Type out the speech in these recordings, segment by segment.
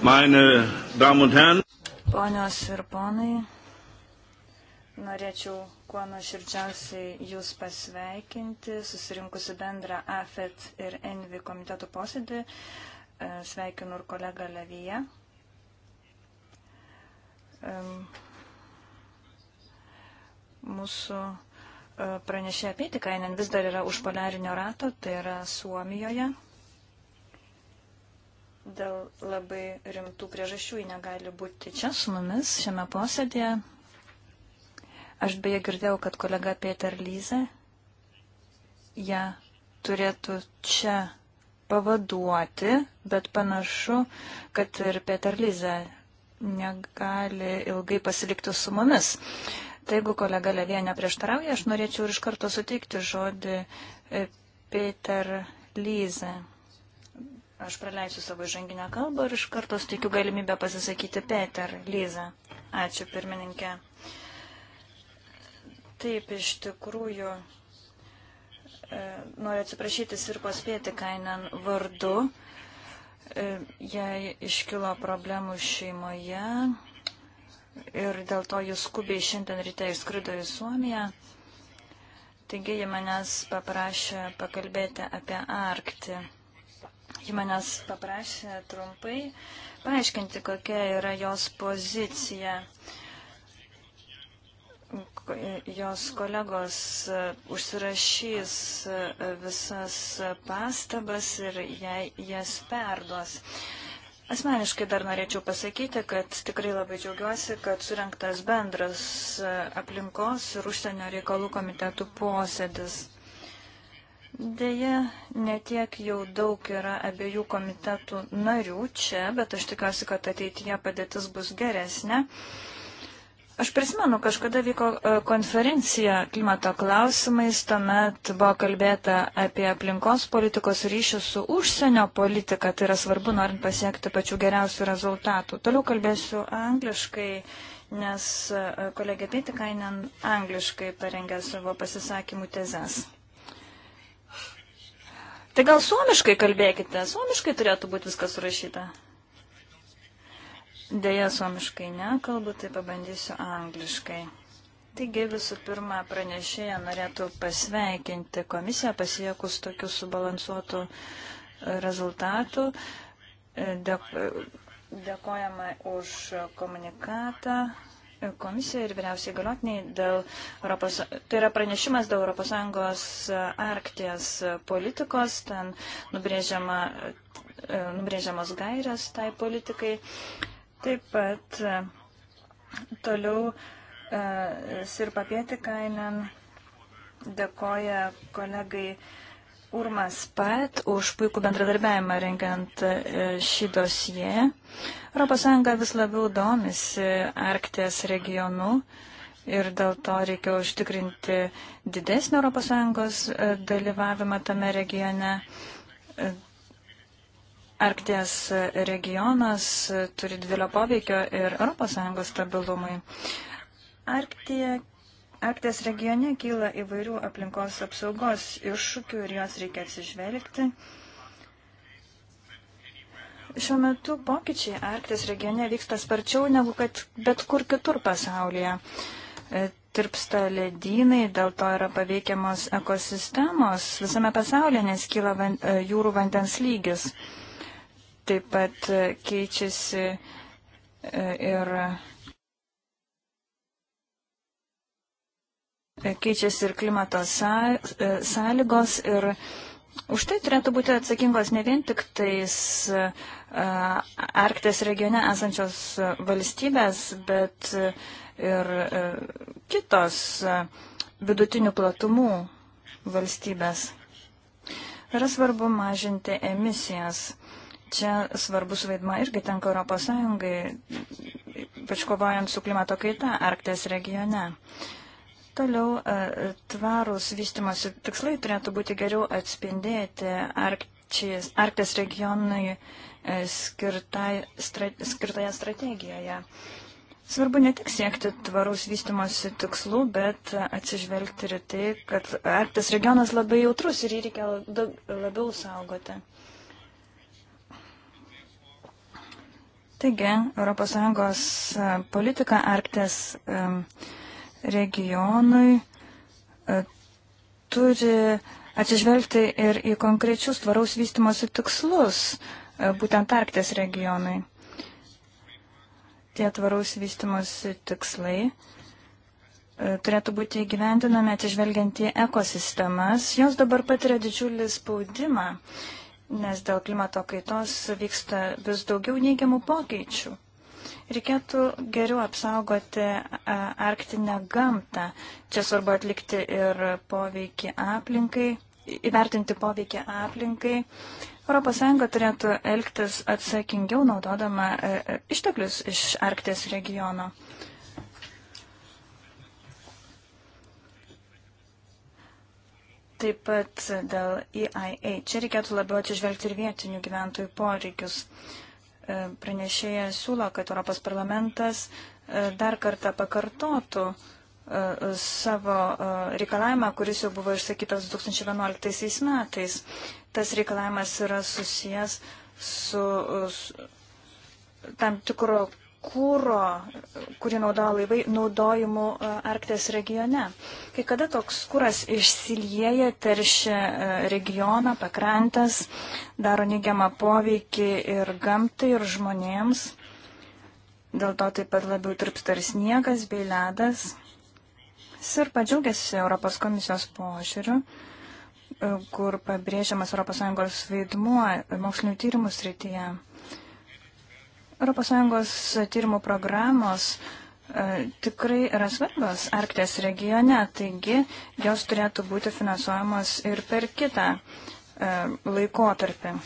Meine Damen und Herren. Ponios ir ponai, norėčiau kuo nuoširdžiausiai Jūs pasveikinti, susirinkusi bendrą AFET ir ENVI komitetų posėdį. E, sveikinu ir kolegą Levyje. Mūsų e, pranešė apie tikainen vis dar yra už poliarinio rato, tai yra Suomijoje dėl labai rimtų priežasčių ji negali būti čia su mumis šiame posėdėje. Aš beje girdėjau, kad kolega Peter Lyze ją turėtų čia pavaduoti, bet panašu, kad ir Peter Lyze negali ilgai pasilikti su mumis. Tai jeigu kolega Levė neprieštarauja, aš norėčiau ir iš karto suteikti žodį e, Peter Lyze. Aš praleisiu savo žanginę kalbą ir iš karto suteikiu galimybę pasisakyti Peter, Lyza. Ačiū, pirmininkė. Taip, iš tikrųjų, e, noriu atsiprašyti Sirpos Pietikainen vardu. E, jai iškilo problemų šeimoje ir dėl to jis skubiai šiandien ryte išskrido į Suomiją. Taigi ji manęs paprašė pakalbėti apie Arktį. Ji manęs paprašė trumpai paaiškinti, kokia yra jos pozicija. Jos kolegos e, užsirašys e, visas pastabas ir jai jas perduos. Asmeniškai dar norėčiau pasakyti, kad tikrai labai džiaugiuosi, kad surinktas bendras e, aplinkos ir užsienio reikalų komitetų posėdis. Deja, netiek jau daug yra abiejų komitetų narių čia, bet aš tikiuosi, kad ateityje padėtis bus geresnė. Aš prisimenu, kažkada vyko e, konferencija klimato klausimais, tuomet buvo kalbėta apie aplinkos politikos ryšį su užsienio politika, tai yra svarbu, norint pasiekti pačių geriausių rezultatų. Toliau kalbėsiu angliškai, nes e, kolegė Pietikainen angliškai parengė savo pasisakymų tezes. Tai gal suomiškai kalbėkite, suomiškai turėtų būti viskas surašyta. Deja, suomiškai nekalbu, tai pabandysiu angliškai. Taigi visų pirma, pranešėja norėtų pasveikinti komisiją pasiekus tokių subalansuotų rezultatų. Dėkojama už komunikatą, komisija ir vyriausiai galotiniai dėl Europos, tai yra pranešimas dėl ES Arkties politikos, ten nubrėžiama, e, nubrėžiamos gairios tai politikai. Taip pat e, toliau e, Sirpa Pietikainen dėkoja kolegai Urmas Pat už puikų bendradarbiavimą rengiant e, šį dosiją. ES vis labiau domisi Arktės regionu ir dėl to reikia užtikrinti didesnį ES e, dalyvavimą tame regione. E, Arkties regionas turi didelio poveikio ir ES stabilumui. Arktija Arkties regione kyla įvairių aplinkos apsaugos iššūkių ir juos reikia atsižvelgti. Šiuo metu pokyčiai Arkties regione vyksta sparčiau negu kad bet kur kitur pasaulyje. E, tirpsta ledynai, dėl to yra paveikiamos ekosistemos visame pasaulyje, nes kyla van, e, jūrų vandens lygis. Taip pat e, keičiasi ir E, keičiasi ir klimato e, sąlygos ir už tai turėtų būti atsakingos ne vien tik tais e, Arktės regione esančios valstybės, bet ir kitos vidutinių platumų valstybės. Yra svarbu mažinti emisijas. Čia svarbus vaidma irgi tenka Europos Sąjungai, pač kovojant su klimato kaita Arktės regione. Uh, Toliau e, tvarūs vystimosi tikslai turėtų būti geriau atspindėti Arktis regionui e, skirtai, stra, skirtoje strategijoje. Svarbu ne tik siekti tvaraus vystimosi tikslų, bet atsižvelgti ir tai, kad Arktis regionas labai jautrus ir jį reikia labiau saugoti. Taigi, ES politika Arktis regionui e, turi atsižvelgti ir į konkrečius tvaraus vystimosi tikslus, e, būtent Arktės regionui. Tie tvaraus vystimosi tikslai e, turėtų būti įgyvendinami atsižvelgiant į ekosistemas. Jos dabar patiria didžiulį spaudimą, nes dėl klimato kaitos vyksta vis daugiau neigiamų pokyčių. Reikėtų geriau apsaugoti arktinę gamtą. Čia svarbu atlikti ir poveikį aplinkai, įvertinti poveikį aplinkai. ES turėtų elgtis atsakingiau naudodama e, e, išteklius iš Arkties regiono. Taip pat dėl EIA. Čia reikėtų labiau atsižvelgti ir vietinių gyventojų poreikius. Uh, E, pranešėja siūlo, kad Europos parlamentas e, dar kartą pakartotų e, savo reikalavimą, kuris jau buvo išsakytas 2011 metais. Tas reikalavimas yra susijęs su, su tam tikro kūro, kurį naudoja laivai, naudojimu e, Arktės regione. Kai kada toks kūras išsilieja, teršia e, regioną, pakrantas, daro neigiamą poveikį ir gamtai, ir žmonėms. Dėl to taip pat labiau tirpsta ir sniegas bei ledas. Sirpa džiaugiasi Europos komisijos požiūriu, e, kur pabrėžiamas ES vaidmuo mokslinio tyrimų srityje. ES tyrimų programos e, tikrai yra svarbios Arktės regione, taigi jos turėtų būti finansuojamos ir per kitą e, laikotarpį.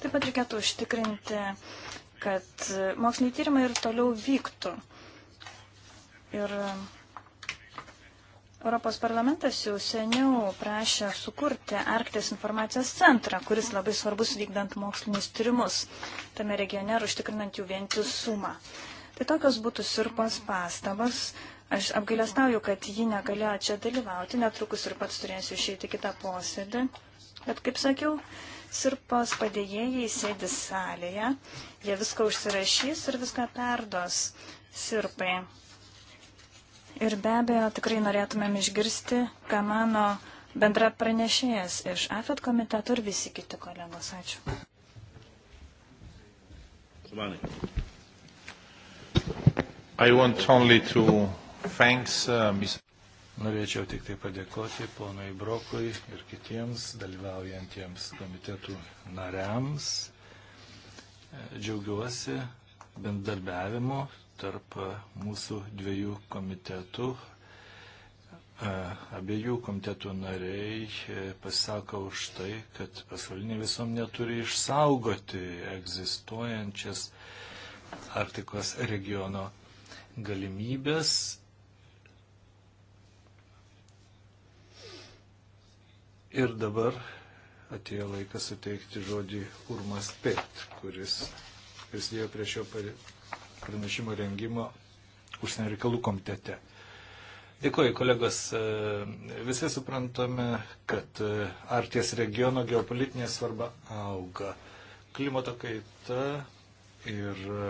Taip pat reikėtų užtikrinti, kad moksliniai tyrimai ir toliau vyktų. Ir Europos parlamentas jau seniau prašė sukurti Arktis informacijos centrą, kuris labai svarbus vykdant mokslinius tyrimus tame regione ir užtikrinant jų vientisumą. Tai tokios būtų sirpos pastabas. Aš apgailestauju, kad ji negalėjo čia dalyvauti, netrukus ir pats turėsiu išeiti kitą posėdį. Bet kaip sakiau, sirpos padėjėjai sėdi salėje, jie viską užsirašys ir viską perdos sirpai. Ir be abejo, tikrai norėtumėm išgirsti, ką mano bendra pranešėjas iš AFET komiteto ir visi kiti kolegos. Ačiū. To thanks, uh, mis... Norėčiau tik tai padėkoti ponui Brokui ir kitiems dalyvaujantiems komitetų nariams. Džiaugiuosi bendarbiavimo tarp mūsų dviejų komitetų. Abiejų komitetų nariai e, pasisako už tai, kad pasaulinė visuomenė turi išsaugoti egzistuojančias Arktikos regiono galimybės Ir dabar atėjo laikas suteikti žodį Urmas Pet, kuris prisidėjo prie šio pranešimo rengimo užsienio reikalų komitete. Dėkuoju, kolegos. E, visi suprantame, kad e, Arkties regiono geopolitinė svarba auga. Klimato kaita ir e,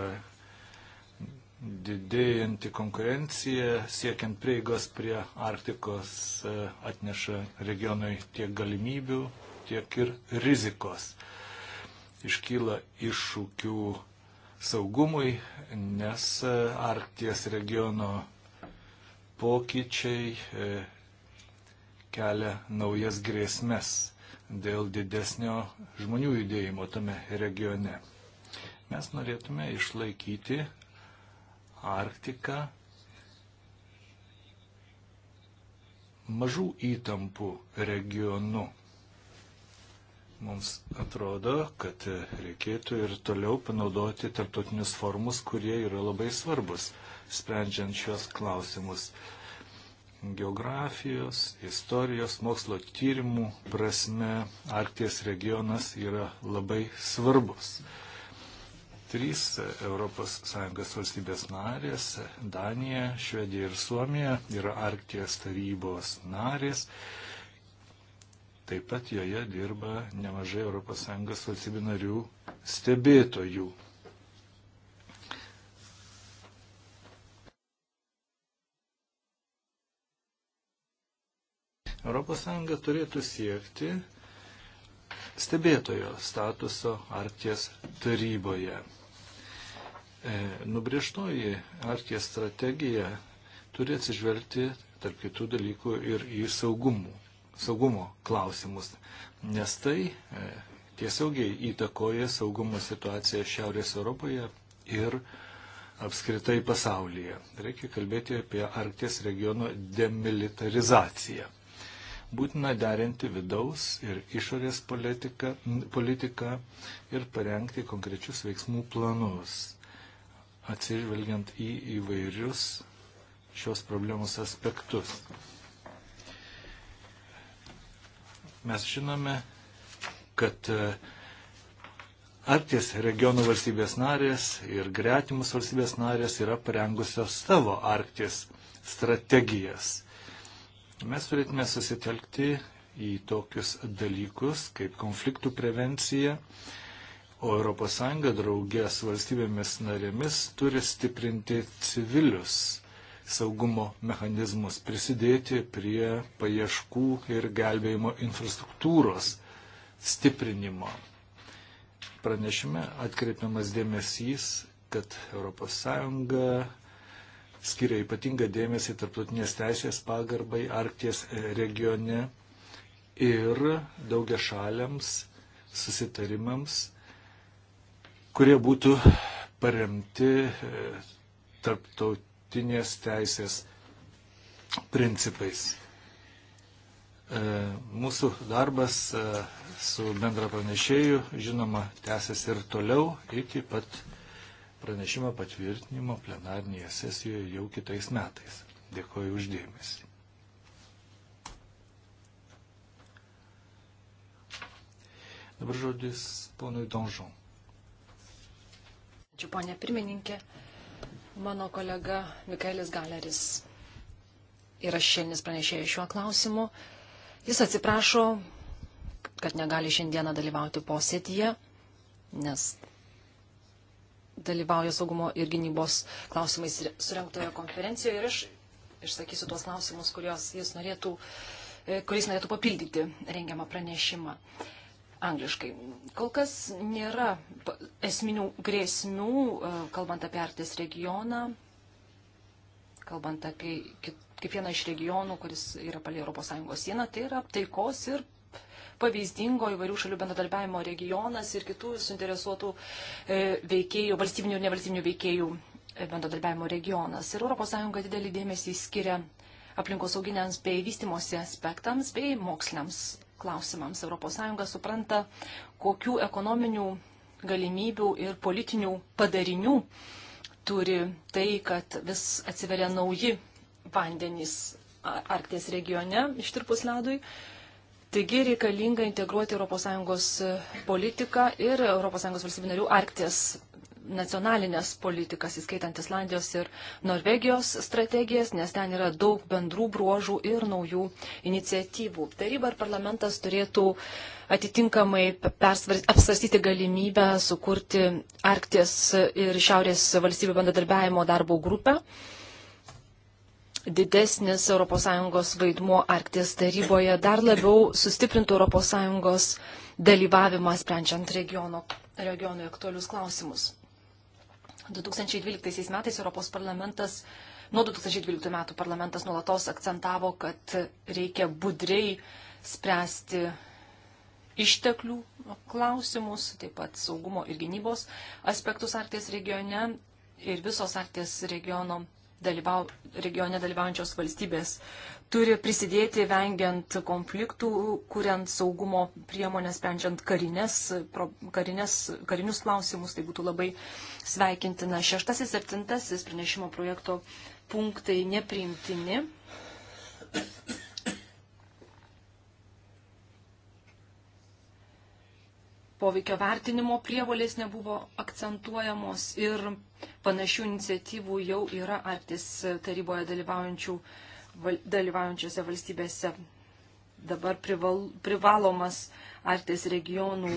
didėjanti konkurencija siekiant prieigos prie Arktikos atneša regionui tiek galimybių, tiek ir rizikos. Iškyla iššūkių saugumui, nes e, Arkties regiono pokyčiai e, kelia naujas grėsmes dėl didesnio žmonių judėjimo tame regione. Mes norėtume išlaikyti Arktiką mažų įtampų regionu. Mums atrodo, kad reikėtų ir toliau panaudoti tarptautinius formus, kurie yra labai svarbus, sprendžiant šios klausimus geografijos, istorijos, mokslo tyrimų prasme Arkties regionas yra labai svarbus. Trys ES valstybės narės - Danija, Švedija ir Suomija - yra Arkties tarybos narės. Taip pat joje dirba nemažai ES valstybių narių stebėtojų. ES turėtų siekti stebėtojo statuso Arkties taryboje. E, nubriežtoji Arkties strategija turi atsižvelgti tarp kitų dalykų ir į saugumų saugumo klausimus, nes tai e, tiesiogiai įtakoja saugumo situaciją Šiaurės Europoje ir apskritai pasaulyje. Reikia kalbėti apie Arkties regiono demilitarizaciją. Būtina derinti vidaus ir išorės politiką, politiką ir parengti konkrečius veiksmų planus, atsižvelgiant į įvairius šios problemos aspektus. Mes žinome, kad e, Arkties regiono valstybės narės ir gretimus valstybės narės yra parengusios savo Arkties strategijas. Mes turėtume susitelkti į tokius dalykus kaip konfliktų prevencija, o ES draugė su valstybėmis narėmis turi stiprinti civilius saugumo mechanizmus, prisidėti prie paieškų ir gelbėjimo infrastruktūros stiprinimo. Pranešime atkreipiamas dėmesys, kad ES skiria ypatingą dėmesį tarptautinės teisės pagarbai Arkties regione ir daugia šaliams susitarimams, kurie būtų paremti e, tarptautiniai tarptautinės teisės principais. E, mūsų darbas e, su bendra pranešėju, žinoma, tęsis ir toliau iki pat pranešimo patvirtinimo plenarnėje sesijoje jau kitais metais. Dėkuoju uždėmesi. Dabar žodis ponui Donžon. Ačiū, ponė pirmininkė. Mano kolega Mikaelis Galeris yra šiandien pranešėjęs šiuo klausimu. Jis atsiprašo, kad negali šiandieną dalyvauti posėdyje, nes dalyvauja saugumo ir gynybos klausimais surinktoje konferencijoje ir aš išsakysiu tuos klausimus, kuriuos jis norėtų, e, kuriais norėtų papildyti rengiamą pranešimą angliškai. Kol kas nėra esminių grėsmių, e, kalbant apie Arktis regioną, kalbant apie kiekvieną iš regionų, kuris yra palie ES sieną, tai yra taikos ir pavyzdingo įvairių šalių bendradarbiavimo regionas ir kitų suinteresuotų e, veikėjų, valstybinių ir nevalstybinių veikėjų e, bendradarbiavimo regionas. Ir ES didelį dėmesį skiria aplinkosauginiams bei vystimosi aspektams bei moksliniams klausimams. ES supranta, kokių ekonominių galimybių ir politinių padarinių turi tai, kad vis atsiveria nauji vandenys Arkties regione ištirpus ledui. Taigi reikalinga integruoti ES politiką ir ES valstybių narių Arkties nacionalinės politikas, įskaitant Islandijos ir Norvegijos strategijas, nes ten yra daug bendrų bruožų ir naujų iniciatyvų. Taryba ir parlamentas turėtų atitinkamai apsvarstyti galimybę sukurti Arkties ir Šiaurės valstybių bendradarbiajimo darbo grupę. Didesnis ES vaidmuo Arkties taryboje dar labiau sustiprintų ES dalyvavimą sprendžiant regiono, regionui aktualius klausimus. 2012 metais Europos parlamentas, nuo 2012 metų parlamentas nuolatos akcentavo, kad reikia budriai spręsti išteklių klausimus, taip pat saugumo ir gynybos aspektus Arkties regione ir visos Arkties regiono dalyvau, regione dalyvaujančios valstybės turi prisidėti vengiant konfliktų, kuriant saugumo priemonės, sprendžiant karines, karines, karinius klausimus. Tai būtų labai sveikintina. Šeštasis, septintasis pranešimo projekto punktai nepriimtini. Poveikio vertinimo prievolės nebuvo akcentuojamos ir panašių iniciatyvų jau yra artis taryboje dalyvaujančių uh, dalyvaujančiose valstybėse dabar prival, privalomas Arkties regionų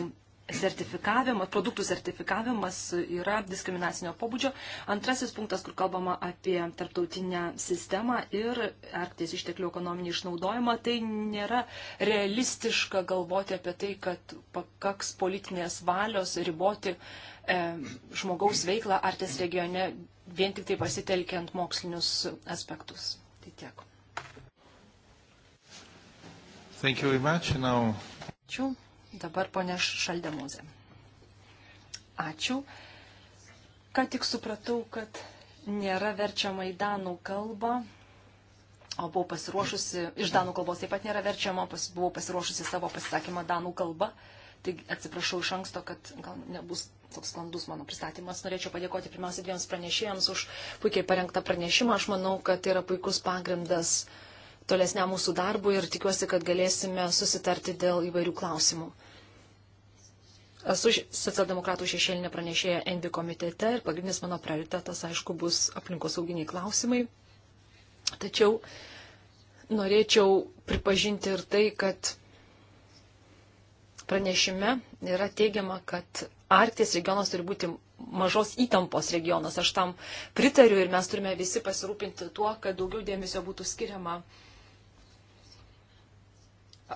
sertifikavimas, produktų sertifikavimas yra diskriminacinio pobūdžio. Antrasis punktas, kur kalbama apie tarptautinę sistemą ir arkties išteklių ekonominį išnaudojimą, tai nėra realistiška galvoti apie tai, kad pakaks politinės valios riboti e, žmogaus veiklą arkties regione vien tik tai pasitelkiant mokslinius aspektus. Tai tiek. Ačiū. Dabar ponė Šaldemuzė. Ačiū. Ką tik supratau, kad nėra verčiama į danų kalbą, o buvau pasiruošusi, iš danų kalbos taip pat nėra verčiama, pas, buvau pasiruošusi savo pasisakymą danų kalbą. Taigi atsiprašau iš anksto, kad gal nebus toks sklandus mano pristatymas. Norėčiau padėkoti pirmiausia dviems pranešėjams už puikiai parengtą pranešimą. Aš manau, kad tai yra puikus pagrindas uh, tolesniam mūsų darbui ir tikiuosi, kad galėsime susitarti dėl įvairių klausimų. Esu socialdemokratų šešėlinė pranešėja Endi komitete ir pagrindinis mano prioritetas, aišku, bus aplinkosauginiai klausimai. Tačiau norėčiau pripažinti ir tai, kad pranešime yra teigiama, kad Arkties regionas turi būti mažos įtampos regionas. Aš tam pritariu ir mes turime visi pasirūpinti tuo, kad daugiau dėmesio būtų skiriama uh,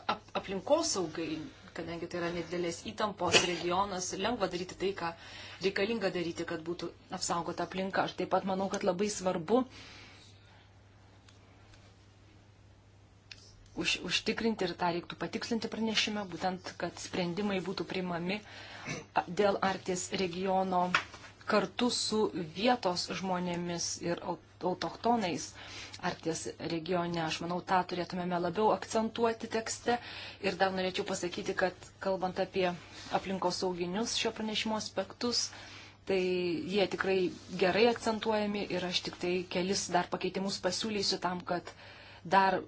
ap, aplinkosaugai, kadangi tai yra nedidelės įtampos regionas, lengva daryti tai, ką reikalinga daryti, kad būtų apsaugota aplinka. Aš taip pat manau, kad labai svarbu už, užtikrinti ir tą reiktų patikslinti pranešime, būtent, kad sprendimai būtų priimami dėl Arkties regiono kartu su vietos žmonėmis ir autochtonais Arkties regione. Aš manau, tą turėtumėme labiau akcentuoti tekste. Ir dar norėčiau pasakyti, kad kalbant apie aplinkos sauginius šio pranešimo aspektus, tai jie tikrai gerai akcentuojami ir aš tik tai kelis dar pakeitimus pasiūlysiu tam, kad dar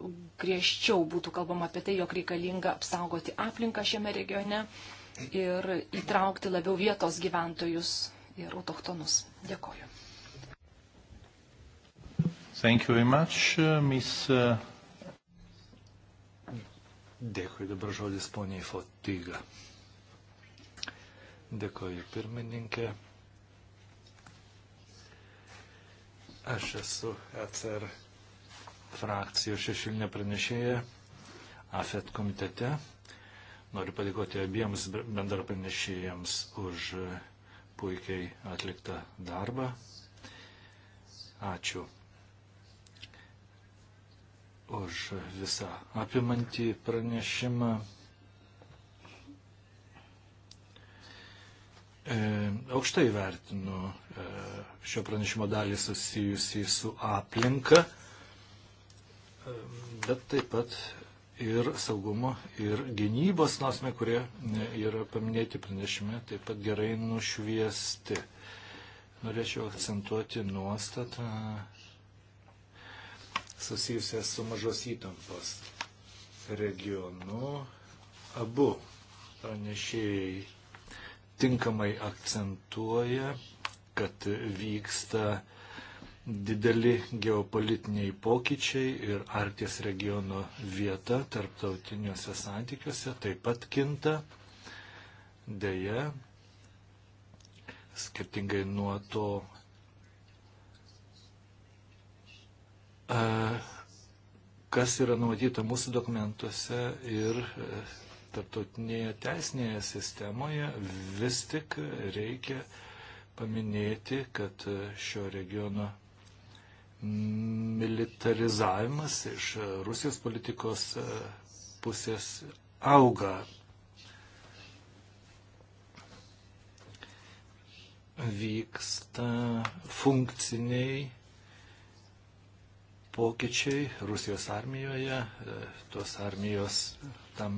griežčiau būtų kalbama apie tai, jog reikalinga apsaugoti aplinką šiame regione ir įtraukti labiau vietos gyventojus ir autochtonus. Dėkoju. Thank you very much, uh, Miss. Uh, Dėkui dabar žodis poniai Fotyga. Dėkui pirmininkė. Aš esu ECR frakcijos šešilinė pranešėja AFET komitete. Noriu padėkoti abiems bendra pranešėjams už puikiai atliktą darbą. Ačiū už visą apimantį pranešimą. E, aukštai vertinu e, šio pranešimo dalį susijusį su aplinka, e, bet taip pat ir saugumo, ir gynybos klausimai, kurie e, yra paminėti pranešime, taip pat gerai nušviesti. Norėčiau akcentuoti nuostatą, susijusias su mažos įtampos regionu. Abu pranešėjai tinkamai akcentuoja, kad vyksta dideli geopolitiniai pokyčiai ir Arkties regiono vieta tarptautiniuose santykiuose taip pat kinta. Deja, skirtingai nuo to kas yra numatyta mūsų dokumentuose ir e, tarptautinėje teisinėje sistemoje, vis tik reikia paminėti, kad e, šio regiono militarizavimas iš e, Rusijos politikos pusės auga. Vyksta funkciniai pokyčiai Rusijos armijoje, e, tos armijos tam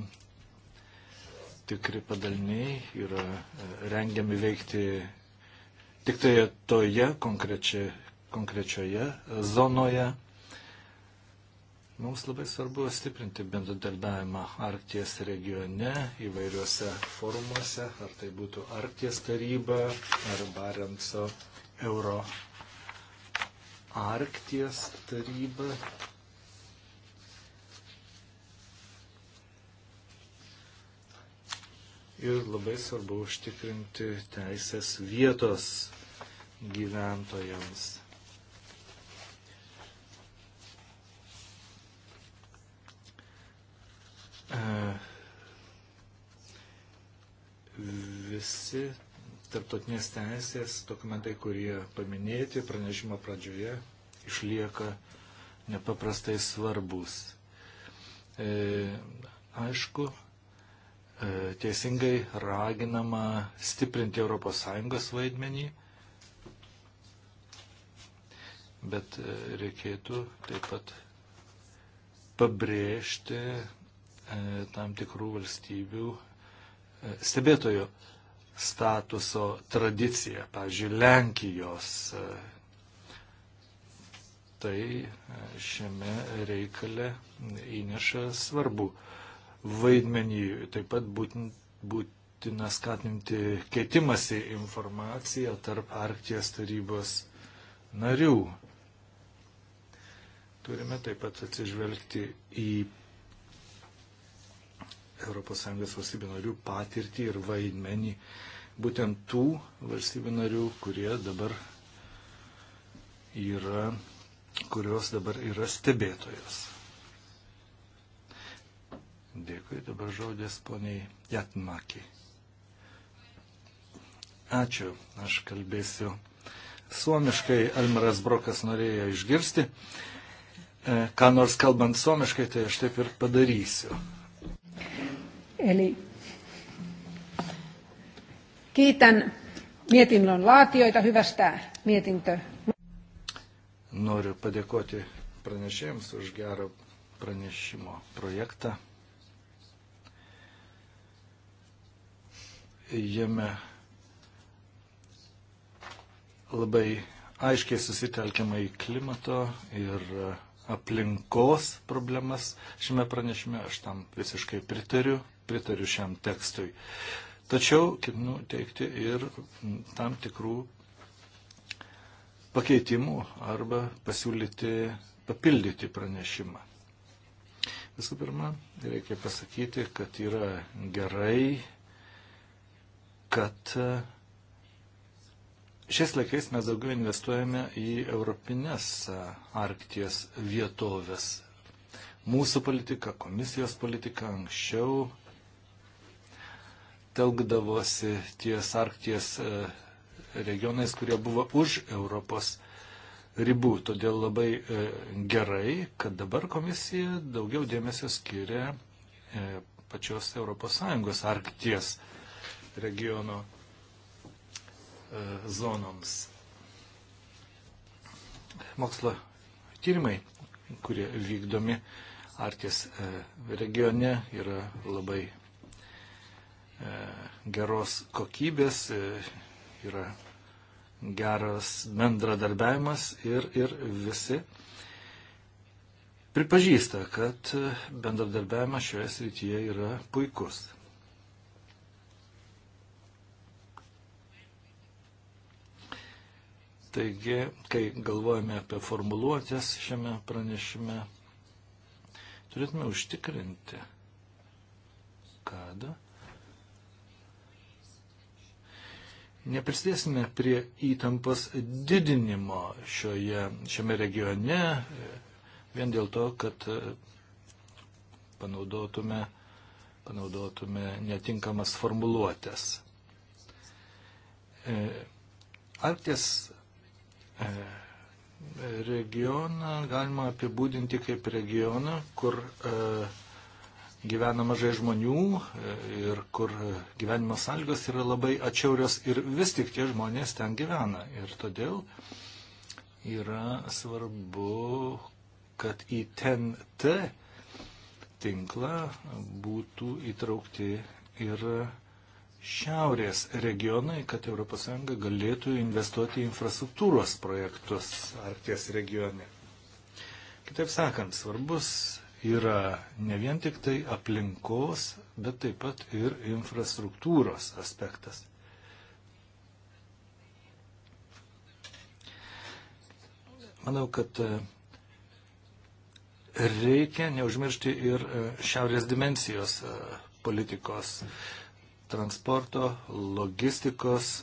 tikri padaliniai yra e, rengiami veikti tik tai toje konkrečioje, konkrečioje zonoje. Mums labai svarbu stiprinti bendradarbiavimą Arkties regione įvairiuose forumuose, ar tai būtų Arkties taryba, ar Barentso Euro Arkties taryba. Ir labai svarbu užtikrinti teisės vietos gyventojams. E, visi tarptautinės teisės dokumentai, kurie paminėti pranešimo pradžioje, išlieka nepaprastai svarbus. E, aišku, e, teisingai raginama stiprinti ES vaidmenį, bet e, reikėtų taip pat pabrėžti e, tam tikrų valstybių e, stebėtojų statuso tradicija, pavyzdžiui, Lenkijos. E, tai e, šiame reikale įneša svarbu vaidmenį. Taip pat būtin, būtina skatinti keitimąsi informaciją tarp Arkties tarybos narių. Turime taip pat atsižvelgti į ES valstybių narių patirtį ir vaidmenį būtent tų valstybių narių, kurie dabar yra, kurios dabar yra stebėtojas. Dėkui, dabar žodės poniai Jatmakiai. Ačiū, aš kalbėsiu. Suomiškai Almaras Brokas norėjo išgirsti. E, ką nors kalbant suomiškai, tai aš taip ir padarysiu. Eli kiitän mietinnön laatioita hyvästä mietintö. Noriu padėkoti pranešėjams už gerą pranešimo projektą. Jame labai aiškiai susitelkiama į klimato ir aplinkos problemas šiame pranešime. Aš tam visiškai pritariu pritariu šiam tekstui. Tačiau ketinu teikti ir tam tikrų pakeitimų arba pasiūlyti papildyti pranešimą. Visų pirma, reikia pasakyti, kad yra gerai, kad šiais laikais mes daugiau investuojame į europinės Arkties vietovės. Mūsų politika, komisijos politika anksčiau telkdavosi ties Arkties e, regionais, kurie buvo už Europos ribų. Todėl labai e, gerai, kad dabar komisija daugiau dėmesio skiria e, pačios ES Arkties regiono zonoms. Mokslo tyrimai, kurie vykdomi Arkties regione, yra labai E, geros kokybės, e, yra geras bendradarbiavimas ir, ir visi pripažįsta, kad bendradarbiavimas šioje srityje yra puikus. Taigi, kai galvojame apie formuluotės šiame pranešime, turėtume užtikrinti, kad neprisidėsime prie įtampos didinimo šioje, šiame regione vien dėl to, kad e, panaudotume, panaudotume netinkamas formuluotės. E, Arkties e, regioną galima apibūdinti kaip regioną, kur uh, gyvena mažai žmonių e, ir kur gyvenimo sąlygos yra labai atšiaurios ir vis tik tie žmonės ten gyvena. Ir todėl yra svarbu, kad į ten T tinklą būtų įtraukti ir šiaurės regionai, kad ES galėtų investuoti į infrastruktūros projektus Arkties regione. Kitaip sakant, svarbus yra ne vien tik tai aplinkos, bet taip pat ir infrastruktūros aspektas. Manau, kad e, reikia neužmiršti ir e, šiaurės dimensijos e, politikos transporto, logistikos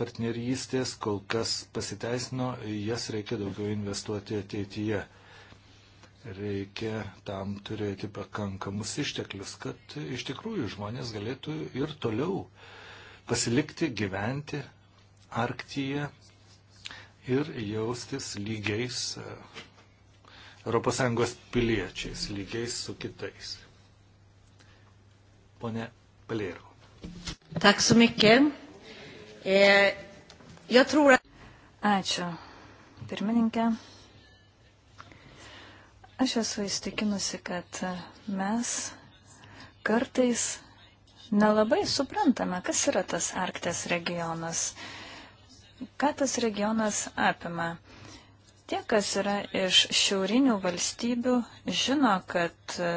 partnerystės kol kas pasiteisino, jas reikia daugiau investuoti ateityje reikia tam turėti pakankamus išteklius, kad iš tikrųjų žmonės galėtų ir toliau pasilikti, gyventi Arktyje ir jaustis lygiais e, ES piliečiais, lygiais su kitais. Pone Palėro. Tack så mycket. Eh, jag tror att... Ačiū. Pirmininkė. Aš esu įstikinusi, kad mes kartais nelabai suprantame, kas yra tas Arktės regionas, ką tas regionas apima. Tie, kas yra iš šiaurinių valstybių, žino, kad e,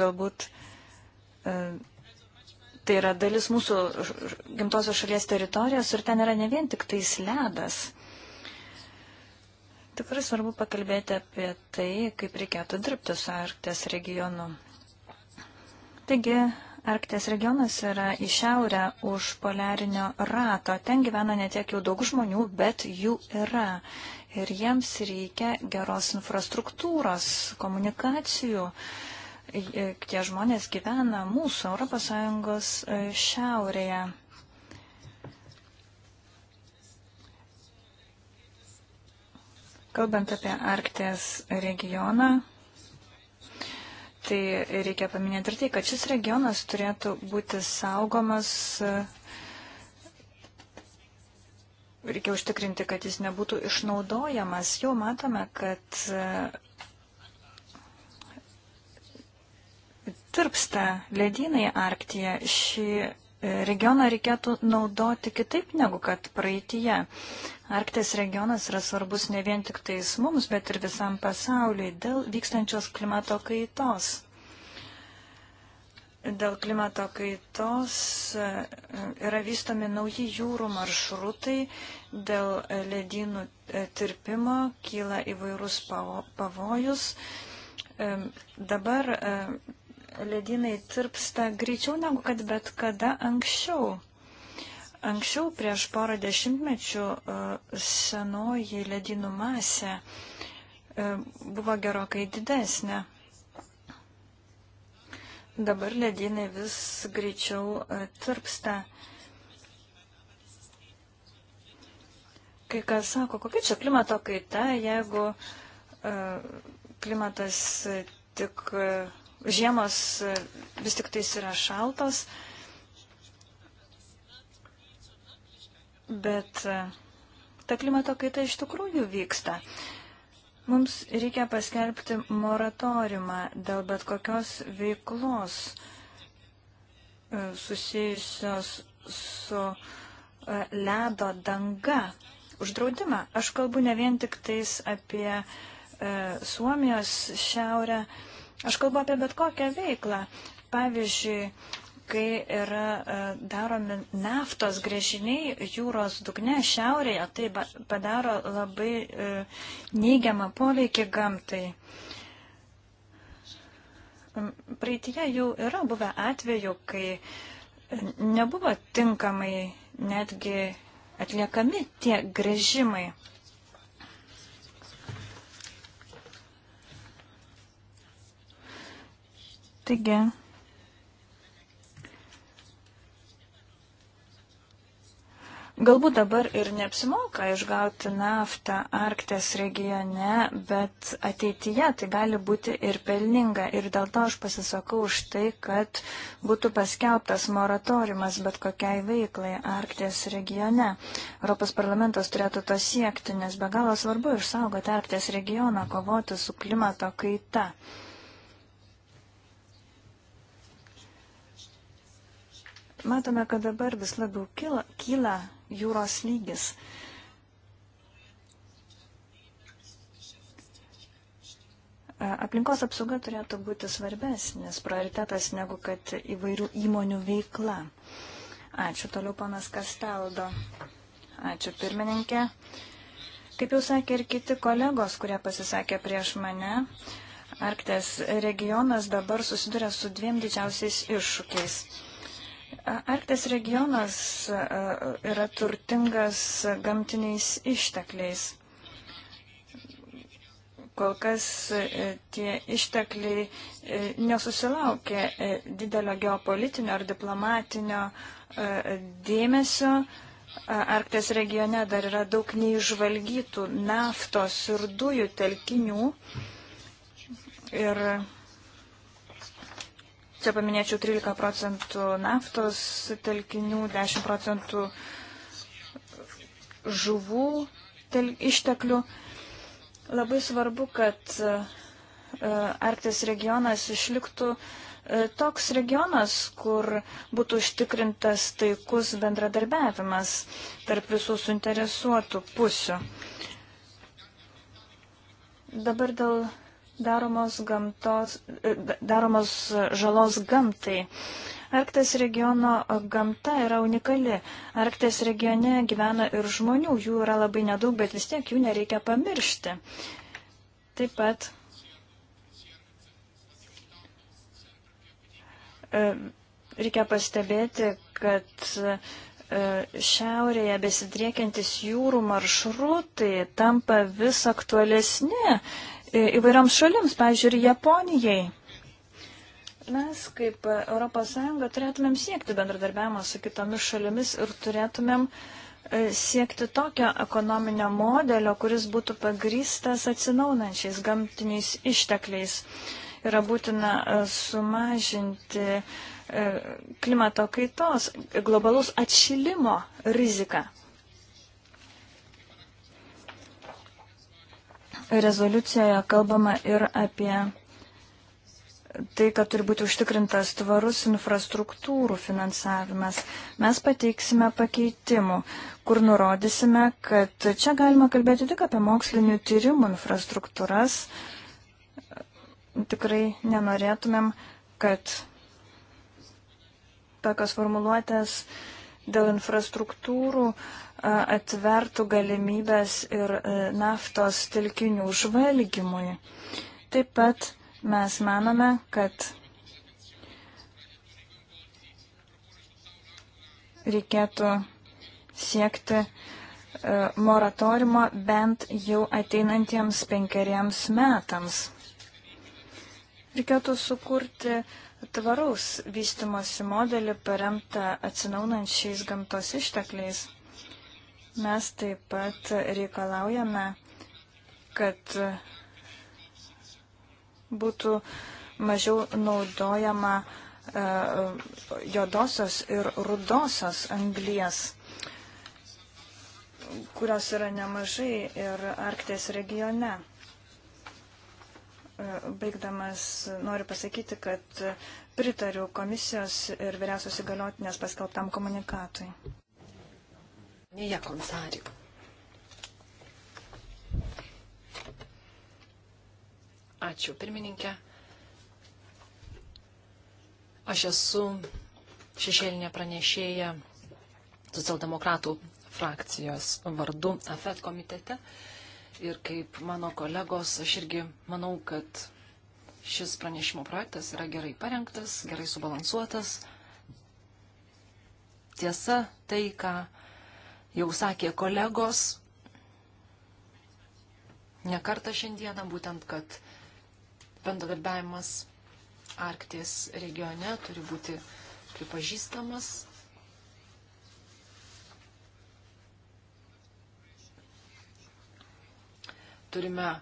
galbūt e, tai yra dalis mūsų gimtosios šalies teritorijos ir ten yra ne vien tik tais ledas. Tikrai svarbu pakalbėti apie tai, kaip reikėtų dirbti su Arkties regionu. Taigi, Arkties regionas yra į šiaurę už poliarinio rato. Ten gyvena netiek jau daug žmonių, bet jų yra. Ir jiems reikia geros infrastruktūros, komunikacijų. Tie žmonės gyvena mūsų ES e, šiaurėje. Kalbant apie Arkties regioną, tai reikia paminėti ir tai, kad šis regionas turėtų būti saugomas. Reikia užtikrinti, kad jis nebūtų išnaudojamas. Jau matome, kad tirpsta ledynai Arktyje. Ši E, regioną reikėtų naudoti kitaip negu kad praeitie. Arktis regionas yra svarbus ne vien tik tais mums, bet ir visam pasauliui dėl vykstančios klimato kaitos. Dėl klimato kaitos e, yra vystomi nauji jūrų maršrutai, dėl ledynų e, tirpimo kyla įvairūs pavojus. Dabar ledynai tirpsta greičiau negu kad bet kada anksčiau. Anksčiau, prieš porą dešimtmečių, e, senoji ledynų masė e, buvo gerokai didesnė. Dabar ledynai vis greičiau e, tirpsta. Kai kas sako, kokia čia klimato kaita, jeigu klimatas tik žiemos e, vis tik tais yra šaltos, bet e, ta klimato kaita iš tikrųjų vyksta. Mums reikia paskelbti moratoriumą dėl bet kokios veiklos e, susijusios su ledo danga. Uždraudimą. Aš kalbu ne vien tik tais apie e, Suomijos šiaurę, e, Aš kalbu apie bet kokią veiklą. Pavyzdžiui, kai yra e, daromi naftos grėžiniai jūros dugne šiaurėje, tai padaro labai e, neigiamą poveikį gamtai. Praeitie jau yra buvę atveju, kai nebuvo tinkamai netgi atliekami tie grėžimai. Taigi, Galbūt dabar ir neapsimoka išgauti naftą Arktės regione, bet ateityje tai gali būti ir pelninga. Ir dėl to aš pasisakau už tai, kad būtų paskelbtas moratoriumas bet kokiai veiklai Arktės regione. Europos parlamentas turėtų to siekti, nes be galo svarbu išsaugoti Arktės regioną, kovoti su klimato kaita. Matome, kad dabar vis labiau kyla, kyla jūros lygis. Aplinkos apsauga turėtų būti svarbesnis prioritetas negu kad įvairių įmonių veikla. Ačiū toliau, panas Kastaldo. Ačiū pirmininkė. Kaip jau sakė ir kiti kolegos, kurie pasisakė prieš mane, Arktės regionas dabar susiduria su dviem didžiausiais iššūkiais. Arktis regionas e, yra turtingas gamtiniais ištekliais. Kol kas e, tie ištekliai e, nesusilaukė didelio geopolitinio ar diplomatinio dėmesio. Arktis regione dar yra daug neižvalgytų naftos ir dujų telkinių. Ir Čia paminėčiau 13 procentų naftos telkinių, 10 procentų žuvų tel, išteklių. Labai svarbu, kad e, Arktis regionas išliktų e, toks regionas, kur būtų užtikrintas taikus bendradarbiavimas tarp visų suinteresuotų pusių. Dabar dėl daromos, gamtos, e, daromos žalos gamtai. Arktis regiono gamta yra unikali. Arktis regione gyvena ir žmonių, jų yra labai nedaug, bet vis tiek jų nereikia pamiršti. Taip pat e, reikia pastebėti, kad E, šiaurėje besidriekiantis jūrų maršrutai tampa vis aktualesni e, įvairioms šalims, pavyzdžiui, ir Japonijai. Mes kaip ES turėtumėm siekti bendradarbiavimo su kitomis šalimis ir turėtumėm e, siekti tokio ekonominio modelio, kuris būtų pagrystas atsinaunančiais gamtiniais ištekliais. Yra būtina sumažinti uh, E, klimato kaitos, globalus atšilimo riziką. Rezoliucijoje kalbama ir apie tai, kad turi būti užtikrintas tvarus infrastruktūrų finansavimas. Mes pateiksime pakeitimų, kur nurodysime, kad čia galima kalbėti tik apie mokslinių tyrimų infrastruktūras. Tikrai nenorėtumėm, kad tokios formuluotės dėl infrastruktūrų atvertų galimybės ir e, naftos telkinių žvalgymui. Taip pat mes manome, kad reikėtų siekti e, moratorimo bent jau ateinantiems penkeriems metams. Reikėtų sukurti uh, tvaraus vystimosi modelį paremtą atsinaunančiais gamtos ištekliais. Mes taip pat reikalaujame, kad būtų mažiau naudojama e, jodosios ir rudosios anglies, kurios yra nemažai ir Arktės regione baigdamas noriu pasakyti, kad pritariu komisijos ir vyriausios įgaliotinės paskelbtam komunikatui. Neja komisarį. Ačiū, pirmininkė. Aš esu šešėlinė pranešėja socialdemokratų frakcijos vardu AFET komitete. Uh, Ir kaip mano kolegos, aš irgi manau, kad šis pranešimo projektas yra gerai parengtas, gerai subalansuotas. Tiesa, tai, ką jau sakė kolegos, nekarta šiandieną, būtent, kad bendradarbiavimas Arkties regione turi būti pripažįstamas turime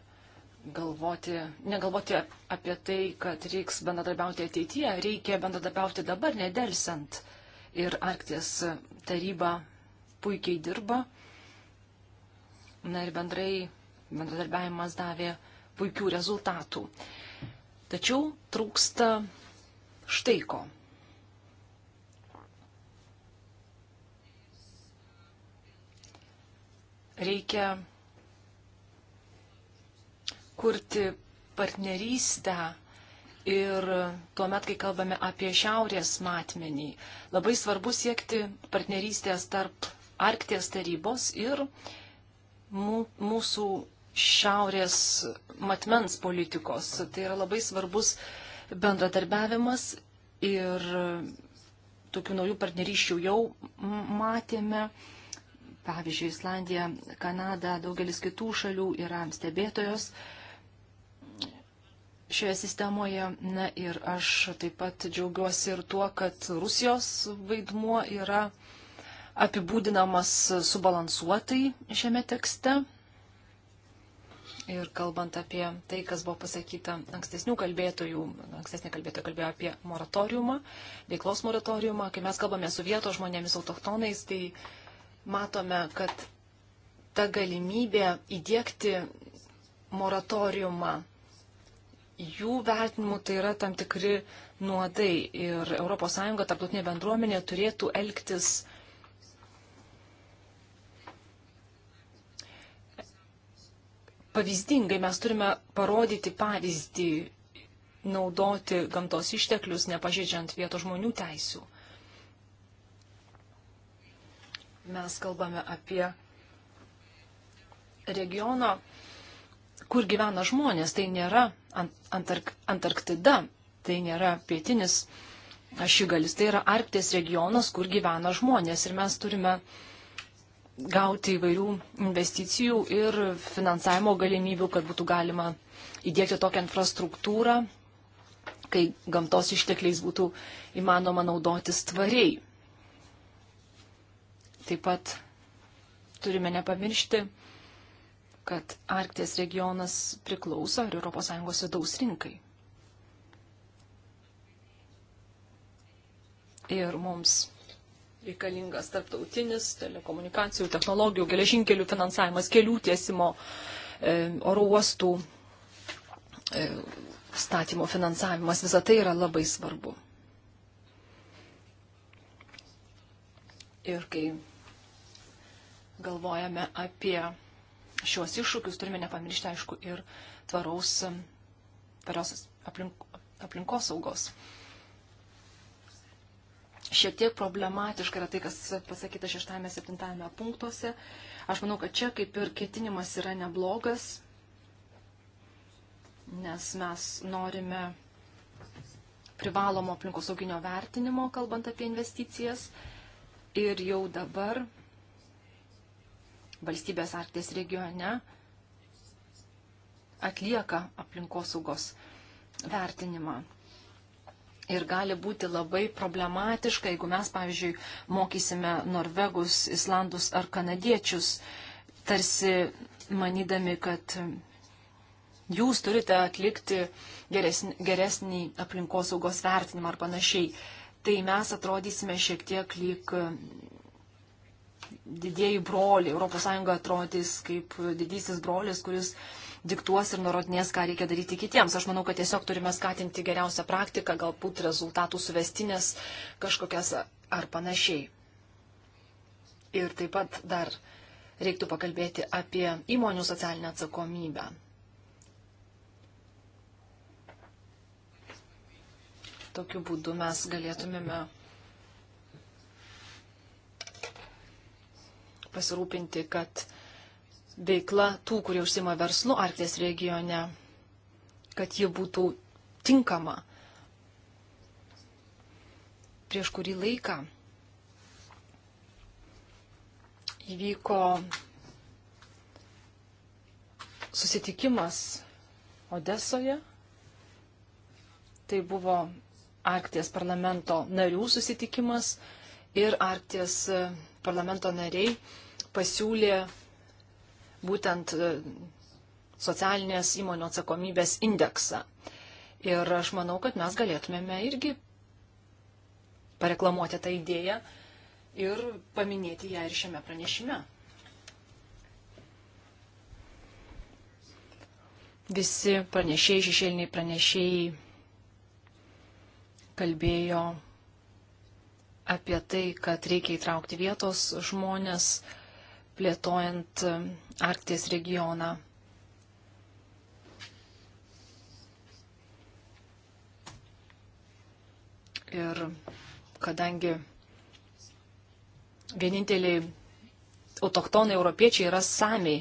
galvoti, negalvoti apie tai, kad reiks bendradarbiauti ateityje, reikia bendradarbiauti dabar, nedelsiant. Ir Arkties taryba puikiai dirba. Na ir bendrai bendradarbiavimas davė puikių rezultatų. Tačiau trūksta štai ko. Reikia kurti partnerystę ir tuomet, kai kalbame apie šiaurės matmenį, labai svarbu siekti partnerystės tarp Arkties tarybos ir mūsų šiaurės matmens politikos. Tai yra labai svarbus bendradarbiavimas ir tokių naujų partnerysčių jau matėme. Pavyzdžiui, Islandija, Kanada, daugelis kitų šalių yra stebėtojos. Uh, šioje sistemoje. Na ir aš taip pat džiaugiuosi ir tuo, kad Rusijos vaidmuo yra apibūdinamas subalansuotai šiame tekste. Ir kalbant apie tai, kas buvo pasakyta ankstesnių kalbėtojų, ankstesnė kalbėtoja kalbėjo apie moratoriumą, veiklos moratoriumą, kai mes kalbame su vietos žmonėmis autochtonais, tai matome, kad ta galimybė įdėkti moratoriumą jų vertinimu tai yra tam tikri nuodai ir ES tarptautinė bendruomenė turėtų elgtis pavyzdingai. Mes turime parodyti pavyzdį, naudoti gamtos išteklius, nepažeidžiant vietos žmonių teisių. Mes kalbame apie regiono, kur gyvena žmonės. Tai nėra Antark Antarktida. Tai nėra pietinis ašigalis, tai yra Arkties regionas, kur gyvena žmonės. Ir mes turime gauti įvairių investicijų ir finansavimo galimybių, kad būtų galima įdėkti tokią infrastruktūrą, kai gamtos ištekliais būtų įmanoma naudotis tvariai. Taip pat turime nepamiršti kad Arkties regionas priklauso ir ES vidaus rinkai. Ir mums reikalingas tarptautinis telekomunikacijų, technologijų, geležinkelių finansavimas, kelių tiesimo, e, oro uostų e, statymo finansavimas, visa tai yra labai svarbu. Ir kai galvojame apie šiuos iššūkius turime nepamiršti, aišku, ir tvaraus, tvarios aplink, aplinkos saugos. Šiek tiek problematiška yra tai, kas pasakyta šeštame, septintame punktuose. Aš manau, kad čia kaip ir ketinimas yra neblogas, nes mes norime privalomo aplinkosauginio vertinimo, kalbant apie investicijas. Ir jau dabar valstybės Arkties regione atlieka aplinkosaugos vertinimą. Ir gali būti labai problematiška, jeigu mes, pavyzdžiui, mokysime norvegus, islandus ar kanadiečius, tarsi manydami, kad jūs turite atlikti geresnį, geresnį aplinkosaugos vertinimą ar panašiai, tai mes atrodysime šiek tiek lyg didieji broliai. ES atrodys kaip didysis brolis, kuris diktuos ir nurodinės, ką reikia daryti kitiems. Aš manau, kad tiesiog turime skatinti geriausią praktiką, galbūt rezultatų suvestinės kažkokias ar panašiai. Ir taip pat dar reiktų pakalbėti apie įmonių socialinę atsakomybę. Tokiu būdu mes galėtumėme pasirūpinti, kad veikla tų, kurie užsima verslu Arkties regione, kad ji būtų tinkama. Prieš kurį laiką įvyko susitikimas Odesoje. Tai buvo Arkties parlamento narių susitikimas ir Arkties parlamento nariai pasiūlė būtent e, socialinės įmonių atsakomybės indeksą. Ir aš manau, kad mes galėtumėme irgi pareklamuoti tą idėją ir paminėti ją ir šiame pranešime. Visi pranešėjai, šešėliniai pranešėjai kalbėjo apie tai, kad reikia įtraukti vietos žmonės, plėtojant e, Arkties regioną. Ir kadangi vieninteliai autoktonai europiečiai yra samiai,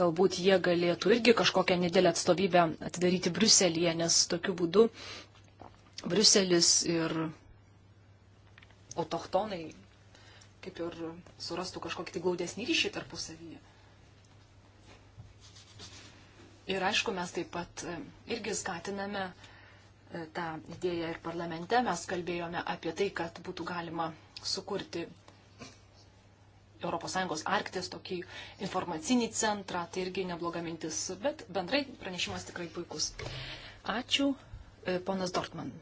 galbūt jie galėtų irgi kažkokią nedėlę atstovybę atidaryti Bruselėje, nes tokiu būdu Bruselis ir autoktonai kaip ir surastų kažkokį tai glaudesnį ryšį tarpusavyje. Ir aišku, mes taip pat e, irgi skatiname e, tą idėją ir parlamente. Mes kalbėjome apie tai, kad būtų galima sukurti ES Arktės tokį informacinį centrą. Tai irgi nebloga mintis, bet bendrai pranešimas tikrai puikus. Ačiū, e, ponas Dortman.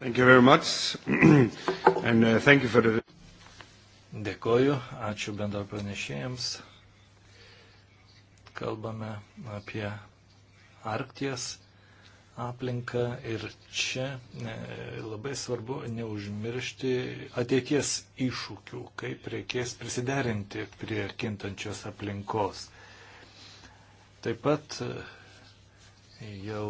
Thank you very much. And uh, thank you for the... Dėkoju, ačiū bendro pranešėjams. Kalbame apie Arkties aplinką ir čia ne, labai svarbu neužmiršti ateities iššūkių, kaip reikės prisiderinti prie kintančios aplinkos. Taip pat e, jau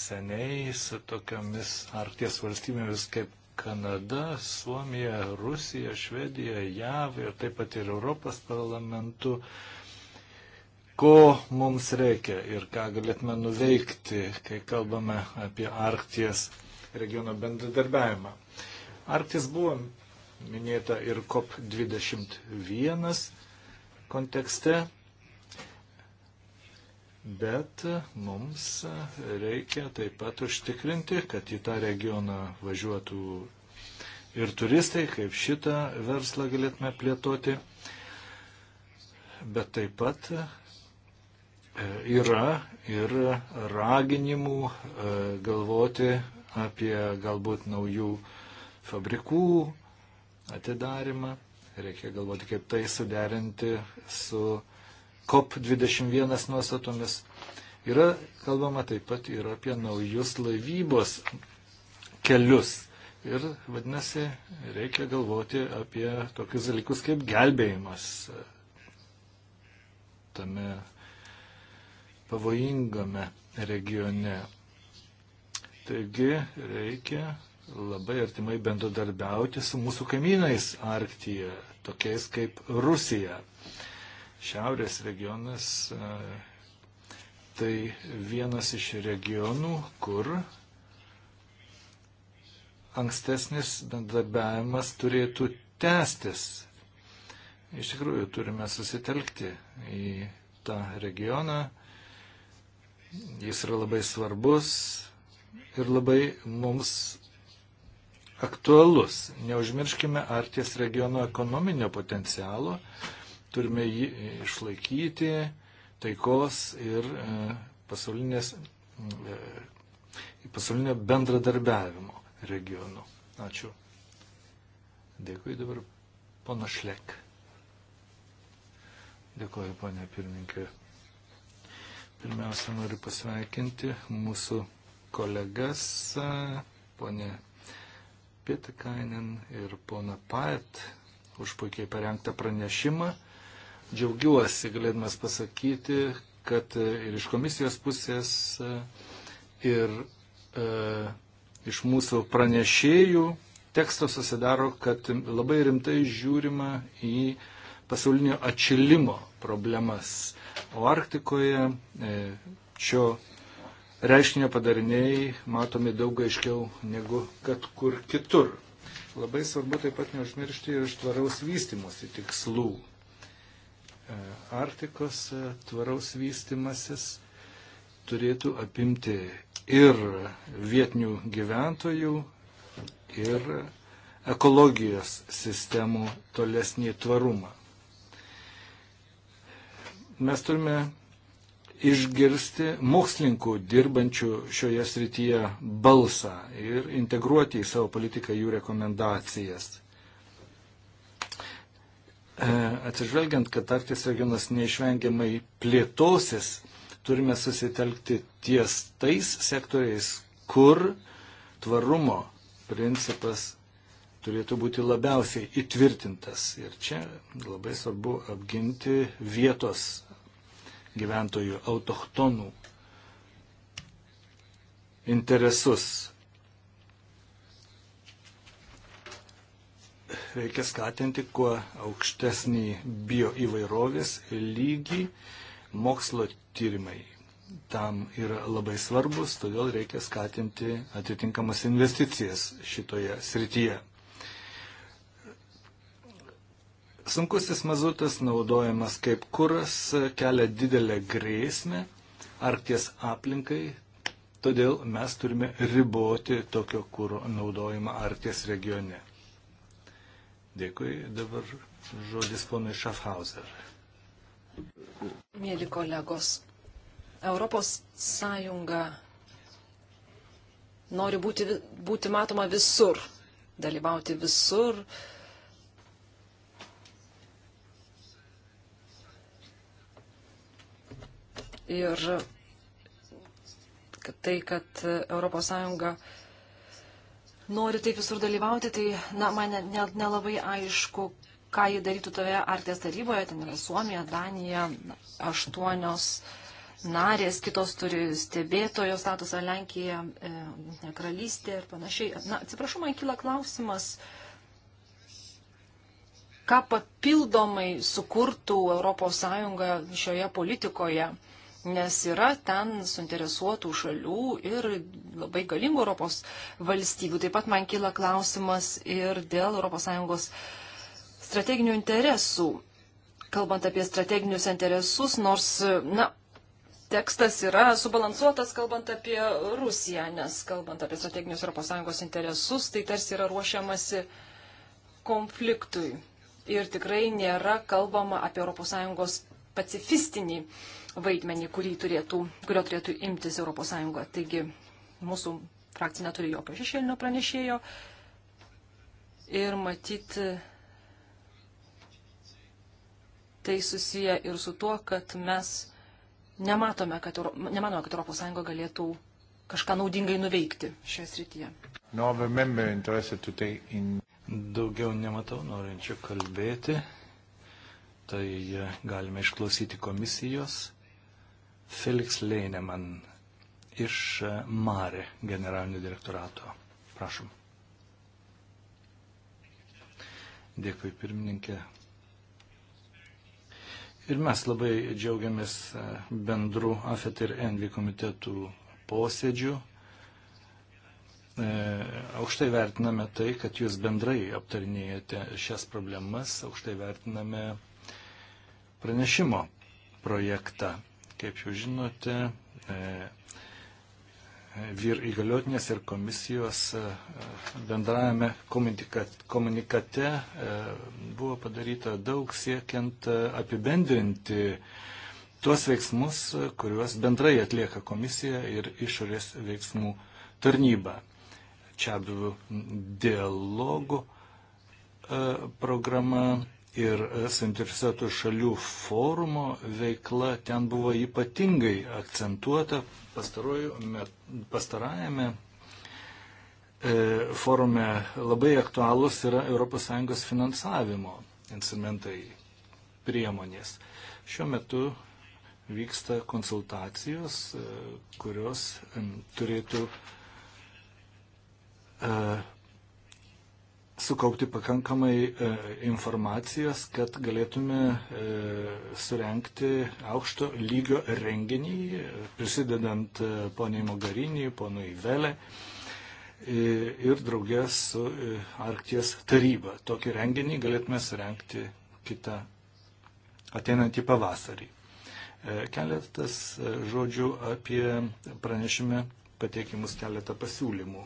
seniai su tokiamis Arkties valstybėmis kaip Kanada, Suomija, Rusija, Švedija, JAV ir taip pat ir Europos parlamentu, ko mums reikia ir ką galėtume nuveikti, kai kalbame apie Arkties regiono bendradarbiavimą. Arktis buvo minėta ir COP21 kontekste, bet mums reikia taip pat užtikrinti, kad į tą regioną važiuotų ir turistai, kaip šitą verslą galėtume plėtoti, bet taip pat e, yra ir raginimų e, galvoti apie galbūt naujų fabrikų atidarimą. Reikia galvoti, kaip tai suderinti su COP21 nuostatomis. Yra kalbama taip pat ir apie naujus laivybos kelius. Ir vadinasi, reikia galvoti apie tokius dalykus kaip gelbėjimas e, tame pavojingame regione. Taigi reikia labai artimai bendradarbiauti su mūsų kaimynais Arktyje, tokiais kaip Rusija. Šiaurės regionas e, tai vienas iš regionų, kur ankstesnis bendradarbiavimas turėtų tęstis. Iš tikrųjų, turime susitelkti į tą regioną. Jis yra labai svarbus ir labai mums aktualus. Neužmirškime Arkties regiono ekonominio potencialo. Turime jį išlaikyti taikos ir e, pasaulinės, e, pasaulinio bendradarbiavimo regionu. Ačiū. Dėkui dabar pana Šlek. Dėkuoju, ponė pirmininkė. Pirmiausia, noriu pasveikinti mūsų kolegas, e, ponė Pietikainen ir pona Paet, už puikiai parengtą pranešimą. Džiaugiuosi, galėdamas pasakyti, kad ir iš komisijos pusės, ir e, iš mūsų pranešėjų teksto susidaro, kad labai rimtai žiūrima į pasaulinio atšilimo problemas. O Arktikoje e, šio reiškinio padariniai matomi daug aiškiau negu kad kur kitur. Labai svarbu taip pat neužmiršti ir tvaraus vystimosi tikslų. E, Arktikos e, tvaraus vystimasis turėtų apimti ir vietinių gyventojų, ir ekologijos sistemų tolesnį tvarumą. Mes turime išgirsti mokslininkų dirbančių šioje srityje balsą ir integruoti į savo politiką jų rekomendacijas. E, atsižvelgiant, kad Arktis regionas neišvengiamai plėtosis, turime susitelkti ties tais sektoriais, kur tvarumo principas turėtų būti labiausiai įtvirtintas. Ir čia labai svarbu apginti vietos gyventojų autochtonų interesus. reikia skatinti kuo aukštesnį bio įvairovės lygį mokslo tyrimai. Tam yra labai svarbus, todėl reikia skatinti atitinkamas investicijas šitoje srityje. Sunkusis mazutas naudojamas kaip kuras kelia didelę grėsmę arkties aplinkai, todėl mes turime riboti tokio kūro naudojimą arkties regione. Dėkui. Dabar žodis ponui Schaffhauser. Mėly kolegos, Europos Sąjunga nori būti, būti matoma visur, dalyvauti visur. Ir tai, kad ES nori taip visur dalyvauti, tai na, man nelabai ne, ne aišku, ką jie darytų toje Arkties taryboje, ten yra Suomija, Danija, aštuonios narės, kitos turi stebėtojo statusą Lenkija, e, karalystė ir panašiai. Na, atsiprašau, man kyla klausimas, ką papildomai sukurtų ES šioje politikoje nes yra ten suinteresuotų šalių ir labai galingų Europos valstybių. Taip pat man kyla klausimas ir dėl ES strateginių interesų. Kalbant apie strateginius interesus, nors, na, tekstas yra subalansuotas, kalbant apie Rusiją, nes kalbant apie strateginius ES interesus, tai tarsi yra ruošiamasi konfliktui. Ir tikrai nėra kalbama apie ES pacifistinį uh, vaidmenį, turėtų, kurio turėtų imtis ES. Taigi mūsų frakcija neturi jokio šešėlinio pranešėjo ir matyt tai susiję ir su tuo, kad mes nematome, kad, nemanome, kad ES galėtų kažką naudingai nuveikti šioje srityje. No in... Daugiau nematau norinčių kalbėti, tai e, galime išklausyti komisijos Felix Leineman iš e, Mare generalinio direktorato. Prašom. Dėkui pirmininkė. Ir mes labai džiaugiamės e, bendru AFET ir ENVI komitetų posėdžių. E, aukštai vertiname tai, kad jūs bendrai aptarinėjate šias problemas, aukštai vertiname pranešimo projektą. Kaip jau žinote, e, e, vyr įgaliotinės ir komisijos e, bendrajame komunikate buvo padaryta daug siekiant apibendrinti tuos veiksmus, kuriuos bendrai atlieka komisija ir išorės veiksmų tarnyba. Čia apdavų dialogų programa ir e, suinteresuotų šalių forumo veikla ten buvo ypatingai akcentuota pastarajame e, forume labai aktualūs yra ES finansavimo instrumentai priemonės. Šiuo metu vyksta konsultacijos, e, kurios turėtų sukaupti pakankamai e, informacijos, kad galėtume e, surenkti aukšto lygio renginį, e, prisidedant e, poniai Mogarinį, ponui Velė e, ir draugės su e, Arkties taryba. Tokį renginį galėtume surenkti kitą ateinantį pavasarį. E, keletas e, žodžių apie pranešime pateikimus keletą pasiūlymų.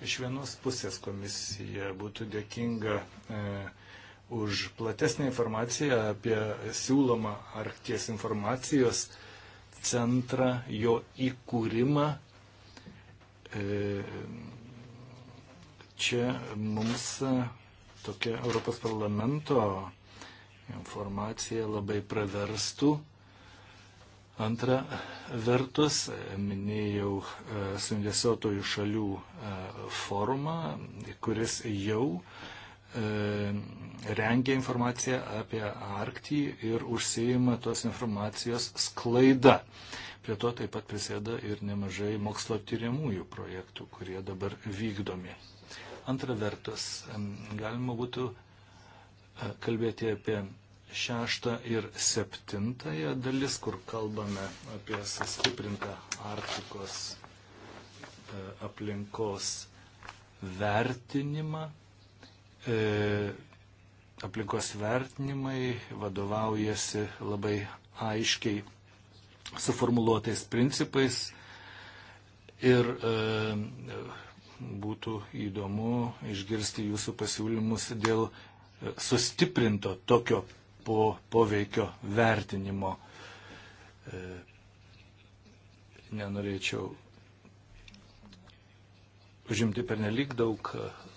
Iš vienos pusės komisija būtų dėkinga e, už platesnę informaciją apie siūlomą Arkties informacijos centrą, jo įkūrimą. E, čia mums e, tokia Europos parlamento informacija labai praverstų. Antra vertus, minėjau e, suinvestuotojų šalių e, forumą, kuris jau e, rengia informaciją apie Arktį ir užsijima tos informacijos sklaida. Prie to taip pat prisėda ir nemažai mokslo tyriamųjų projektų, kurie dabar vykdomi. Antra vertus, galima būtų kalbėti apie šeštą ir septintąją dalis, kur kalbame apie sustiprintą Arktikos e, aplinkos vertinimą. E, aplinkos vertinimai vadovaujasi labai aiškiai suformuluotais principais ir e, būtų įdomu išgirsti jūsų pasiūlymus dėl sustiprinto tokio po poveikio vertinimo. E, nenorėčiau užimti per nelik daug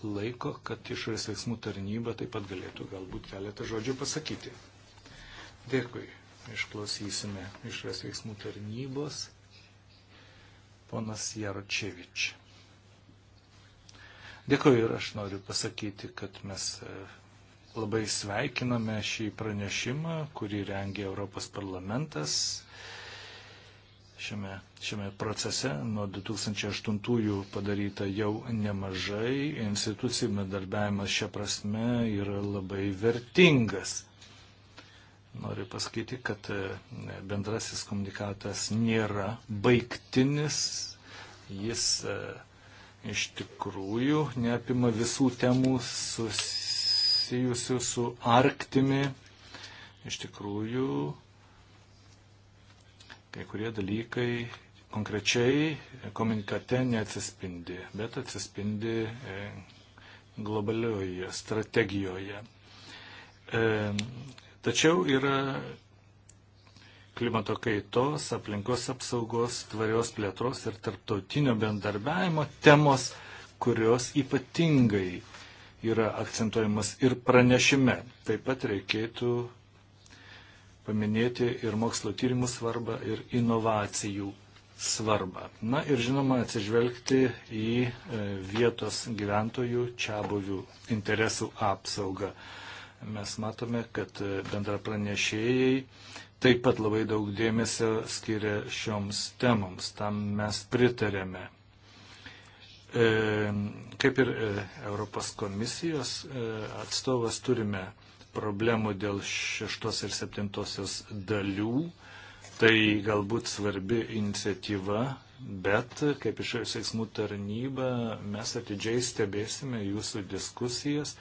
laiko, kad išorės veiksmų tarnyba taip pat galėtų galbūt keletą žodžių pasakyti. Dėkui. Išklausysime išorės veiksmų tarnybos. Ponas Jaročevič. Dėkui ir aš noriu pasakyti, kad mes e, labai sveikiname šį pranešimą, kurį rengia Europos parlamentas šiame, šiame procese. Nuo 2008-ųjų padaryta jau nemažai. Institucijų bendarbiavimas šią prasme yra labai vertingas. Noriu pasakyti, kad e, bendrasis komunikatas nėra baigtinis. Jis e, iš tikrųjų neapima visų temų, sus, susijusių su Arktimi. Iš tikrųjų, kai kurie dalykai konkrečiai komunikate neatsispindi, bet atsispindi e, globalioje strategijoje. E, tačiau yra klimato kaitos, aplinkos apsaugos, tvarios plėtros ir tarptautinio bendarbiavimo temos, kurios ypatingai yra akcentuojamas ir pranešime. Taip pat reikėtų paminėti ir mokslo tyrimų svarbą, ir inovacijų svarbą. Na ir žinoma, atsižvelgti į e, vietos gyventojų čia buvių interesų apsaugą. Mes matome, kad e, bendra pranešėjai taip pat labai daug dėmesio skiria šioms temoms. Tam mes pritarėme. E, kaip ir e, Europos komisijos e, atstovas turime problemų dėl šeštos ir septintosios dalių. Tai galbūt svarbi iniciatyva, bet kaip išorės veiksmų tarnyba mes atidžiai stebėsime jūsų diskusijas,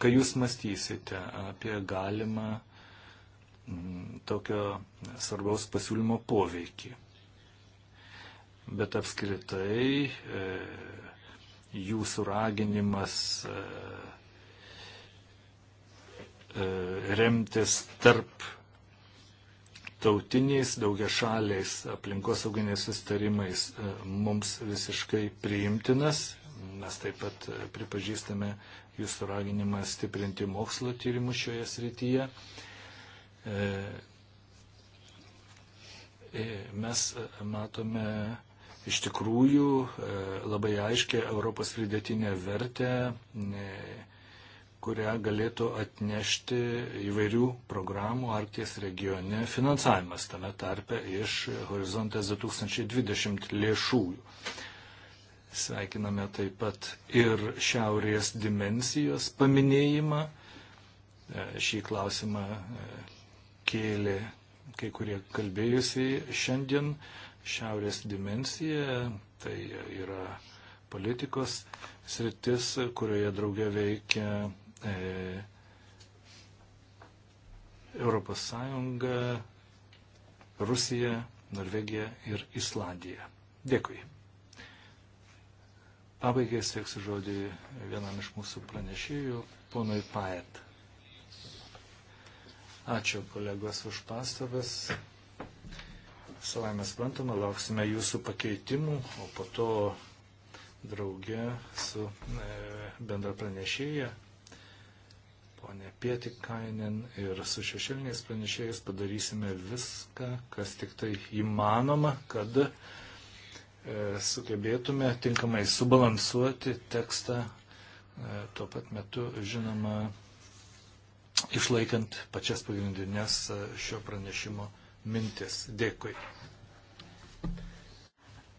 kai jūs mąstysite apie galimą tokio svarbaus pasiūlymo poveikį bet apskritai e, jūsų raginimas e, e, remtis tarp tautiniais daugiašaliais aplinkosauginės sustarimais e, mums visiškai priimtinas. Mes taip pat e, pripažįstame jūsų raginimą stiprinti mokslo tyrimus šioje srityje. E, e mes matome iš tikrųjų e, labai aiškia Europos pridėtinė vertė, e, kurią galėtų atnešti įvairių programų Arkties regione finansavimas, tame tarpe iš Horizontas 2020 lėšų. Sveikiname taip pat ir šiaurės dimensijos paminėjimą. E, šį klausimą kėlė kai kurie kalbėjusiai šiandien šiaurės dimensiją, tai yra politikos sritis, kurioje draugė veikia e, Europos Sąjunga, Rusija, Norvegija ir Islandija. Dėkui. Pabaigai sėksiu žodį vienam iš mūsų pranešėjų, ponui Paet. Ačiū kolegos už pastabas. Savai suprantama, lauksime jūsų pakeitimų, o po to draugė su e, bendra pranešėja, ponė Pietikainen ir su šešėliniais pranešėjais padarysime viską, kas tik tai įmanoma, kad e, sugebėtume tinkamai subalansuoti tekstą, e, tuo pat metu, žinoma, išlaikant pačias pagrindinės šio pranešimo mintis. Dėkui.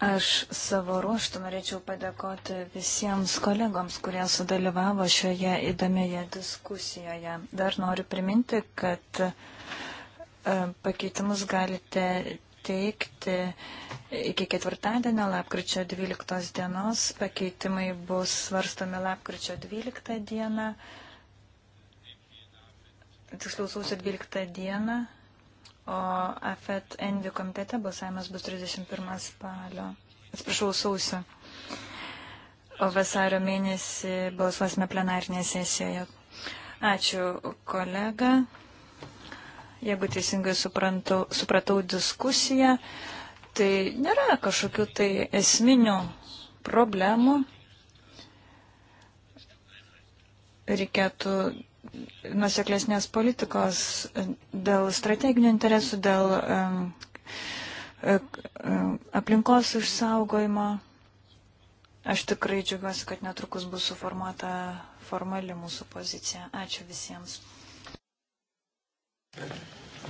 Aš savo ruoštų norėčiau padėkoti visiems kolegoms, kurie sudalyvavo šioje įdomioje diskusijoje. Dar noriu priminti, kad e, pakeitimus galite teikti iki ketvirtadienio, lapkričio 12 dienos. Pakeitimai bus svarstomi lapkričio 12 dieną, tiksliau sausio 12 dieną o AFET Envi komitete balsavimas bus 31 spalio, atsiprašau, sausio. O vasario mėnesį balsuosime plenarinėje sesijoje. Ačiū, kolega. Jeigu teisingai suprantu, supratau diskusiją, tai nėra kažkokių tai esminių problemų. Reikėtų nuseklesnės politikos, dėl strateginių interesų, dėl aplinkos išsaugojimo. Aš tikrai džiugiuosi, kad netrukus bus suformuota formali mūsų pozicija. Ačiū visiems. Thank you.